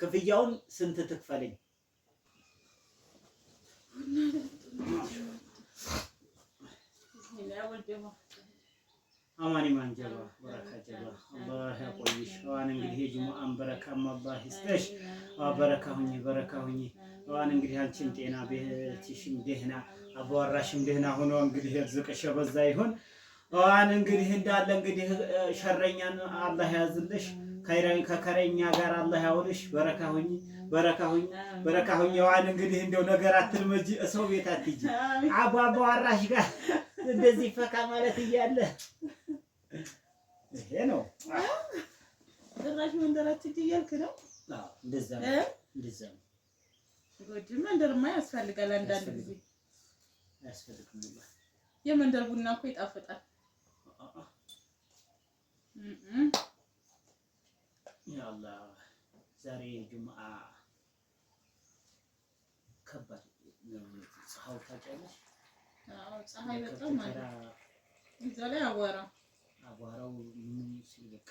ክፍያውን ስንት ትክፈልኝ? አማኒ ማንጀባ ጀባ በረካ ጀባ አላህ ያቆይሽ። ዋን እንግዲህ የጅሙአን በረካም ማባ ይስጠሽ። በረካ ሁኚ፣ በረካ ሁኚ። ዋን እንግዲህ አንቺም ጤና ቤትሽም ደህና አባወራሽም ደህና ሆኖ እንግዲህ እርዝቅሽ የበዛ ይሁን። ዋን እንግዲህ እንዳለ እንግዲህ ሸረኛን አላህ ያዝልሽ። ከይረን ከከረኛ ጋር አላህ ያውልሽ። በረካሁኝ በረካሁኝ በረካሁኝ። የዋን እንግዲህ እንደው ነገር አትልመጂ፣ ሰው ቤት አትጂ። አቧቧ አራሽ ጋር እንደዚህ ፈካ ማለት እያለ ይሄ ነው ጭራሽ መንደር አትጂ እያልክ ነው። እንደዛ ነው እንደዛ ነው። መንደርማ ያስፈልጋል። አንዳንድ ጊዜ ያስፈልግም። የመንደር ቡና እኮ ይጣፍጣል። ያአላህ ዛሬ ጁምአ ከባድ ነው። ፀሐዩ ታውቂያለሽ? አዎ፣ ፀሐይ በጣም ማለት ነው። እዛ ላይ አቧራው ምን ሲል በቃ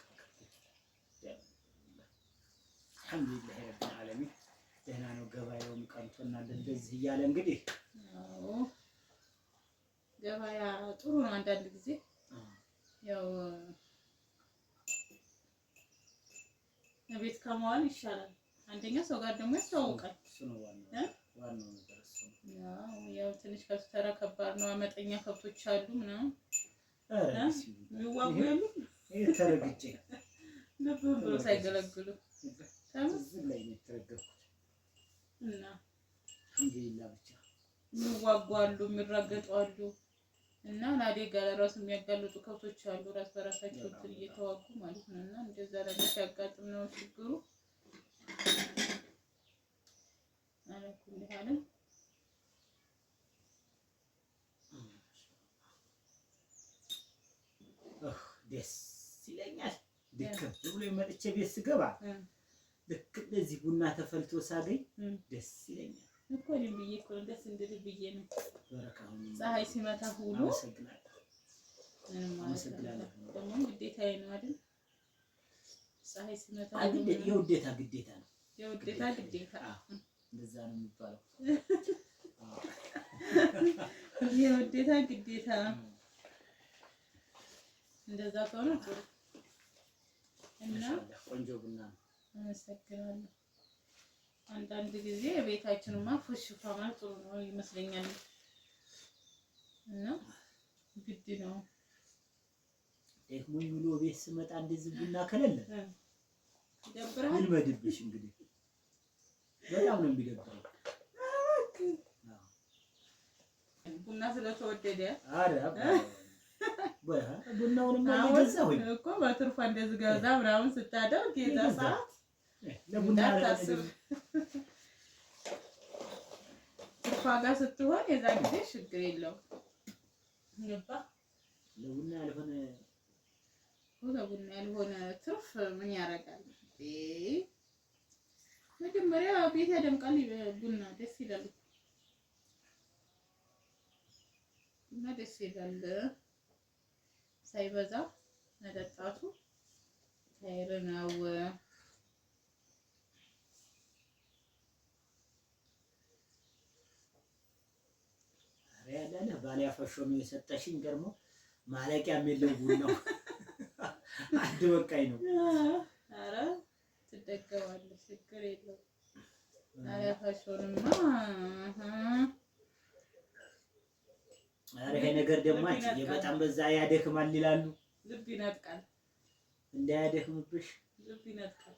ደህና ነው። ገበያውም ቀምቶናል። እንደዚህ እያለ እንግዲህ ገበያ ጥሩ ነው። አንዳንድ ጊዜ ያው ቤት ከመዋል ይሻላል። አንደኛ ሰው ጋር ደግሞ ያስተዋውቃል። ያው ትንሽ ተራ ከባድ ነው። አመጠኛ ከብቶች አሉ ምናምን የሚዋጉ ያሉ ልብህን ብሎ ሳይገለግሉ እና የሚዋጉ አሉ፣ የሚራገጡ አሉ እና ለአደጋ ለራሱ የሚያጋልጡ ከብቶች አሉ፣ ራስ በራሳቸው እንትን እየተዋጉ ማለት ነው። እና እንደዛ ደግሞ ሲያጋጥም ነው ችግሩ። አለኩም ይላል ደስ ይለኛል። ድክም ብሎ መጥቼ ቤት ስገባ ልክ እንደዚህ ቡና ተፈልቶ ሳገኝ ደስ ይለኛል። እኮ እኔም ብዬሽ እኮ ነው ደስ ብዬ ነው። ፀሐይ ሲመታ ሁሉ ደግሞ ግዴታዬ ነው አይደል? ፀሐይ ሲመታ የውዴታ ግዴታ ነው። የውዴታ ግዴታ እንደዛ ነው የሚባለው። የውዴታ ግዴታ እንደዛ ከሆነ እና ቆንጆ ቡና ነው። አመሰግናለሁ። አንዳንድ ጊዜ ቤታችንማ ፉሽፋ ማለት ጥሩ ነው ይመስለኛል እና ግድ ነው። ደክሞኝ ውሎ ቤት ስመጣ እንደዚህ ቡና ከለለ ይደብራል። ምን በድብሽ እንግዲህ በጣም ነው የሚደብረው። ቡና ስለተወደደ አረ ቡናውንማ እየገዛሁ እኮ በትርፋ እንደዚህ ገዛ ምናምን ስታደርግ የዛ ሰዓት ለቡና ታስብ እሷ ጋር ስትሆን የዛ ጊዜ ችግር የለውም። ለቡና ያልሆነ ለቡና ያልሆነ ትርፍ ምን ያደርጋል? መጀመሪያ ቤት ያደምቃል። ቡና ደስ ይላል እና ደስ ይላል ሳይበዛ መጠጣቱ ታይር ነው። ያለነ ባል ያፈሾ ነው የሰጠሽኝ። ገርሞ ማለቂያ የለው ቡናው አንድ በቃኝ ነው። ኧረ ትደገባለህ፣ ችግር የለው ባል ያፈሾንማ። ኧረ ይሄ ነገር ደግሞ በጣም በዛ ያደክማል ይላሉ። ልብ ይነጥቃል፣ እንዳያደክምብሽ ልብ ይነጥቃል።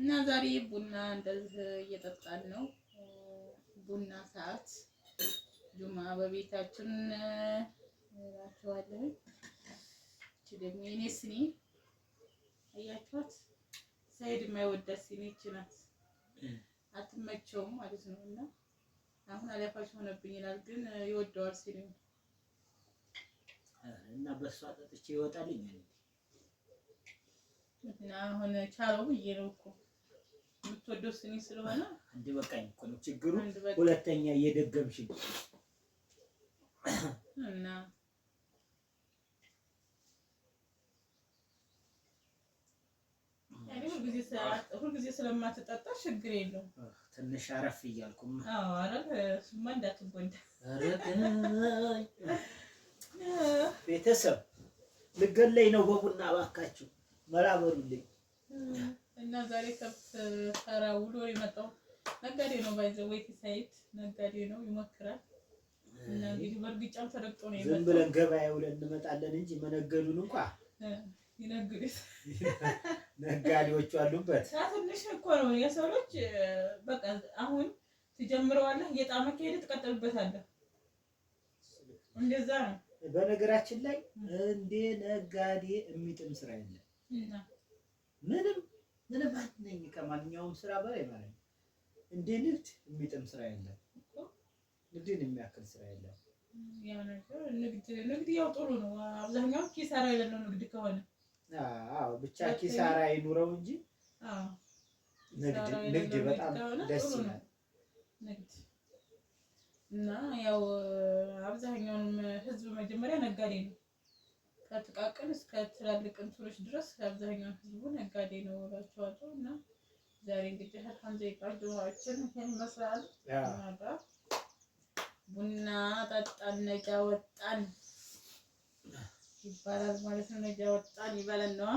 እና ዛሬ ቡና እንደዚህ እየጠጣን ነው። ቡና ሰዓት ጁማ በቤታችን እላቸዋለሁ። እቺ ደግሞ የኔ ስኒ አያችኋት። ሰይድ የማይወዳት ስኒ ናት። አትመቸውም ማለት ነው። እና አሁን አለፋች ሆነብኝ ይላል፣ ግን ይወደዋል ስኒ እና በእሷ ጠጥቼ ይወጣልኝ እና አሁን ቻለው ብዬ ነው እኮ ወዶ ስኒ ስለሆነ አንድ በቃኝ እኮ ነው ችግሩ። ሁለተኛ እየደገምሽ እና ሁልጊዜ ስለማትጠጣ ችግር የለውም። ትንሽ አረፍ እያልኩም እሱማ እንዳትጎዳ ቤተሰብ ልገለይ ነው በቡና እባካችሁ መራመሩልኝ። እና ዛሬ ከብት ተራ ውሎ የመጣው ነጋዴ ነው። ባይዘው ወይ ሳይት ነጋዴ ነው ይሞክራል። እና እንግዲህ በእርግጫም ተረግጦ ነው የመጣው። ዝም ብለን ገበያ ውለን እንመጣለን እንጂ መነገዱን እንኳ ይነግዱት ነጋዴዎቹ አሉበት። ትንሽ እኮ ነው የሰው ልጅ በቃ አሁን ትጀምረዋለህ፣ እየጣመ ከሄደ ትቀጥልበታለህ። እንደዛ ነው። በነገራችን ላይ እንደ ነጋዴ የሚጥም ስራ የለም። ምንም ምንም አትነኝ ከማንኛውም ስራ በላይ ማለት ነው። እንደ ንግድ የሚጥም ስራ የለም፣ ንግድን የሚያክል ስራ የለም። ንግድ ያው ጥሩ ነው። አብዛኛው ኪሳራ የሌለው ንግድ ከሆነ አዎ፣ ብቻ ኪሳራ ይኑረው እንጂ ንግድ በጣም ደስ ይላል። ንግድ እና ያው አብዛኛውንም ህዝብ መጀመሪያ ነጋዴ ነው። ከጥቃቅን እስከ ትላልቅ እንትኖች ድረስ አብዛኛው ህዝቡ ነጋዴ ነው እላቸዋለሁ። እና ዛሬ እንግዲህ አልሐምዱሊላ ዱዋችን ይህን መስላል ጋ ቡና ጠጣን ነጃ ወጣን ይባላል ማለት ነው። ነጃ ወጣን ይባላል ነዋ።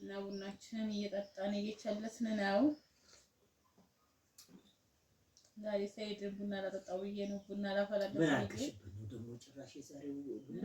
እና ቡናችንን እየጠጣን እየቸለስን ነው። ዛሬ ሰይድ ቡና ላጠጣው ብዬ ነው ቡና ላፈላለ ጭራሽ የዛሬው ቡና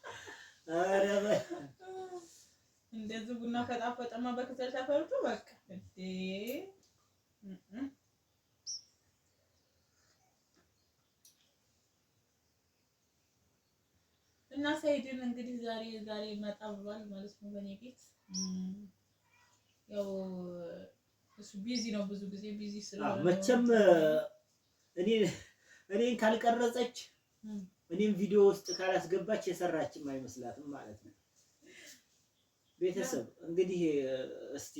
እንደዚህ ቡና ከጣፈጠማ በክሰል ተፈርቶ በቃ እና ሰይድን እንግዲህ ዛሬ ዛሬ መጣ ብሏል ማለት ነው በእኔ ቤት ያው እሱ ቢዚ ነው ብዙ ጊዜ ቢዚ ስለሆነ መቼም እኔ እኔን ካልቀረጸች እኔም ቪዲዮ ውስጥ ካላስገባች የሰራችም አይመስላትም ማለት ነው። ቤተሰብ እንግዲህ እስቲ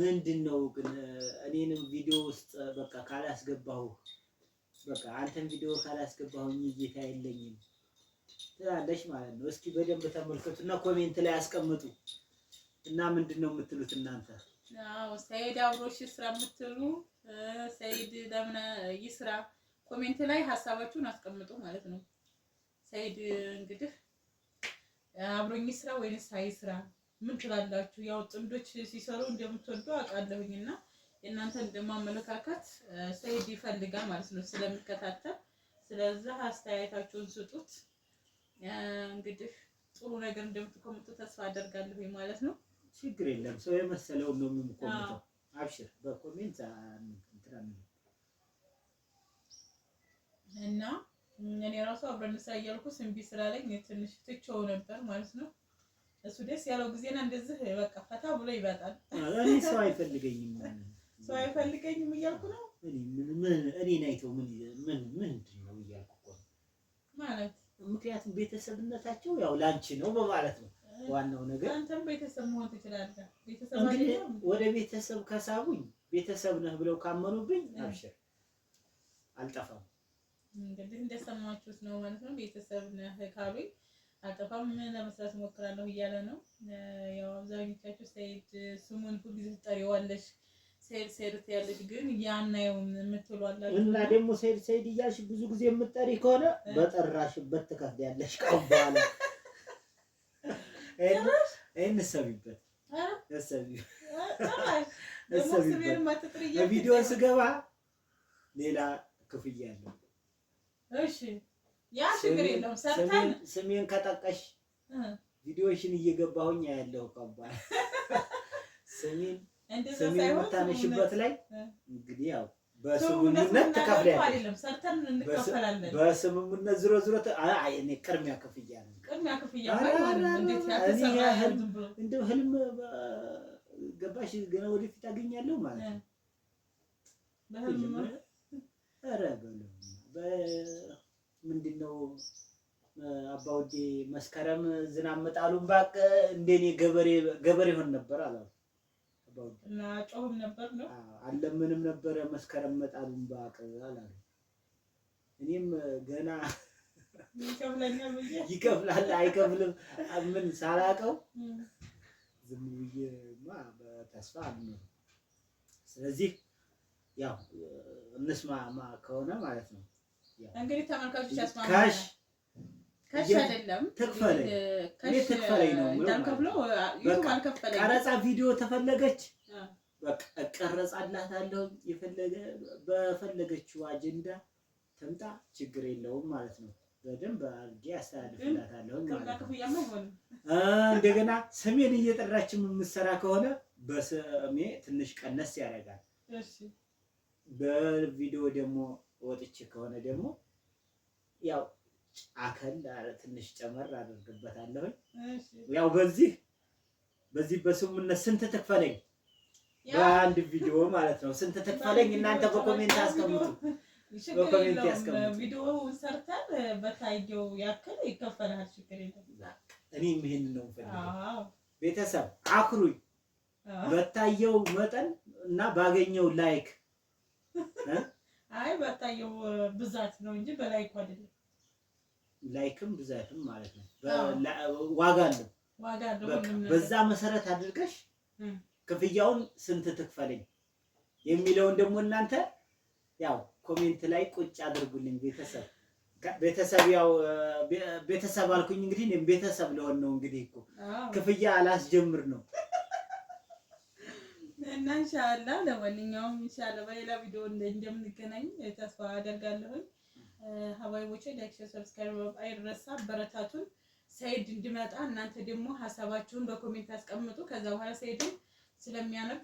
ምንድን ነው ግን እኔንም ቪዲዮ ውስጥ በቃ ካላስገባሁ በቃ አንተን ቪዲዮ ካላስገባሁኝ እይታ የለኝም ትላለች ማለት ነው። እስኪ በደንብ ተመልከቱ እና ኮሜንት ላይ አስቀምጡ እና ምንድን ነው የምትሉት እናንተ? አዎ ሰይድ አብሮሽ ስራ የምትሉ ሰይድ ለምን ይስራ ኮሜንት ላይ ሀሳባችሁን አስቀምጡ ማለት ነው። ሰይድ እንግዲህ አብሮኝ ስራ ወይንስ አይ ስራ ምን ትላላችሁ? ያው ጥንዶች ሲሰሩ እንደምትወዱ አውቃለሁኝና የእናንተን ደግሞ ሰይድ ይፈልጋል ማለት ነው ስለሚከታተል። ስለዚህ አስተያየታችሁን ስጡት። እንግዲህ ጥሩ ነገር እንደምትቆምጡ ተስፋ አደርጋለሁ ማለት ነው። ችግር የለም ሰው የመሰለውን ነው የሚቆምጠው። አብሽር በኮሜንት እና እኔ ራሱ አብረን ስራ እያልኩ ስንቢ ስላለኝ ትንሽ ትቼው ነበር ማለት ነው። እሱ ደስ ያለው ጊዜና እንደዚህ በቃ ፈታ ብሎ ይበጣል። እኔ ሰው አይፈልገኝም ሰው አይፈልገኝም እያልኩ ነው። እኔ አይተው ምን ምን ምንድን ነው እያልኩ ማለት ምክንያቱም ቤተሰብነታቸው ያው ላንቺ ነው በማለት ነው ዋናው ነገር። አንተም ቤተሰብ መሆን ትችላለህ። ወደ ቤተሰብ ከሳቡኝ ቤተሰብ ነህ ብለው ካመኑብኝ አብሽር አልጠፋም። እንግዲህ እንደሰማችሁት ነው ማለት ነው። ቤተሰብ ነህ ካሉኝ አጠፋም ለመስራት እሞክራለሁ እያለ ነው። ያው አብዛኞቻችሁ ሰይድ ስሙን ሁልጊዜ ትጠሪዋለሽ ሰይድ ሰይድ ትያለሽ፣ ግን ያናየውም የምትሏላችሁ እና ደግሞ ሰይድ ሰይድ እያልሽ ብዙ ጊዜ የምትጠሪ ከሆነ በጠራሽበት ትከፍያለሽ። ቀን በኋላ ይህን እሰቢበት እሰቢበት ቪዲዮ ስገባ ሌላ ክፍያ አለው እሺ ያ ችግር የለውም። ሰርተን ስሜን ከጠቀሽ ቪዲዮሽን እየገባሁኝ ያለው ከባድ ስሜን ስሜን የምታነሽበት ላይ እንግዲህ ያው በስምምነት ትከፍያለሽ። በስምምነት እኔ ክፍያ ቅድሚያ ክፍያ እንደው ህልም ገባሽ ገና ወደፊት አገኛለሁ ማለት ነው። ምንድን ነው መስከረም ዝናብ መጣሉን ባቅ እንደኔ ገበሬ ገበሬ ሆን ነበር አለ አባወዴ እና ጮህም ነበር ነው አለምንም ነበረ መስከረም መጣሉን ባቅ አለ። እኔም ገና ይከፍላል አይከፍልም ምን ሳላቀው ዝም ብዬማ በተስፋ አለ። ስለዚህ ያው እንስማማ ከሆነ ማለት ነው እንግዲህ ተመልካቾች ያስማማሽ ከሽ አይደለም ትክፈለኝ ትክፈለኝ ነው እንዳልከፍለው ቀረጻ ቪዲዮ ተፈለገች በቃ እቀረጻላታለሁ። የፈለገ በፈለገችው አጀንዳ ተምጣ ችግር የለውም ማለት ነው። በደንብ አድርጌ አስተላልፍላታለሁ ማለት ነው። እንደገና ስሜን እየጠራች የምትሰራ ከሆነ በስሜ ትንሽ ቀነስ ያደርጋል። በቪዲዮ ደግሞ ወጥቼ ከሆነ ደግሞ ያው አከል ትንሽ ጨመር አድርግበታለሁኝ። ያው በዚህ በዚህ በስሙነት ስንት ትክፈለኝ በአንድ ቪዲዮ ማለት ነው። ስንት ትክፈለኝ እናንተ በኮሜንት አስቀምጡ፣ በኮሜንት ያስቀምጡ። ቪዲዮ ሰርተን በታየው ያክል ይከፈላል። ችግር የለም። እኔም ይሄን ነው የምፈልገው። ቤተሰብ አክሩኝ፣ በታየው መጠን እና ባገኘው ላይክ አይ በታየው ብዛት ነው እንጂ በላይክ አይደለም። ላይክም ብዛትም ማለት ነው ዋጋ አለው ዋጋ አለው። በዛ መሰረት አድርገሽ ክፍያውን ስንት ትክፈልኝ የሚለውን ደግሞ እናንተ ያው ኮሜንት ላይ ቁጭ አድርጉልኝ ቤተሰብ ቤተሰብ ያው ቤተሰብ አልኩኝ እንግዲህ ቤተሰብ ለሆን ነው እንግዲህ እኮ ክፍያ አላስጀምር ነው እና ለማንኛውም በሌላ ቪዲዮ እንደምንገናኝ ተስፋ አደርጋለሁኝ። ሀባይቦቼ ላይክ፣ ሼር፣ ሰብስክራይብ አይረሳ። ሰይድ እንዲመጣ እናንተ ደግሞ ሀሳባችሁን በኮሜንት አስቀምጡ። ከዛ በኋላ ሰይድን ስለሚያነብ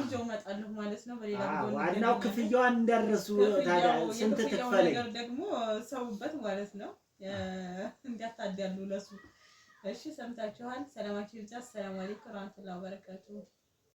ይዘው እመጣለሁ ማለት ነው። በሌላ ቪዲዮ ዋናው ታዲያ ስንት ትክፈለኝ ደግሞ ሰውበት ማለት ነው። ለሱ እሺ። ሰምታችኋል። ሰላማችሁ ይብዛ። አሰላሙ አለይኩም ወራህመቱላሂ ወበረካቱሁ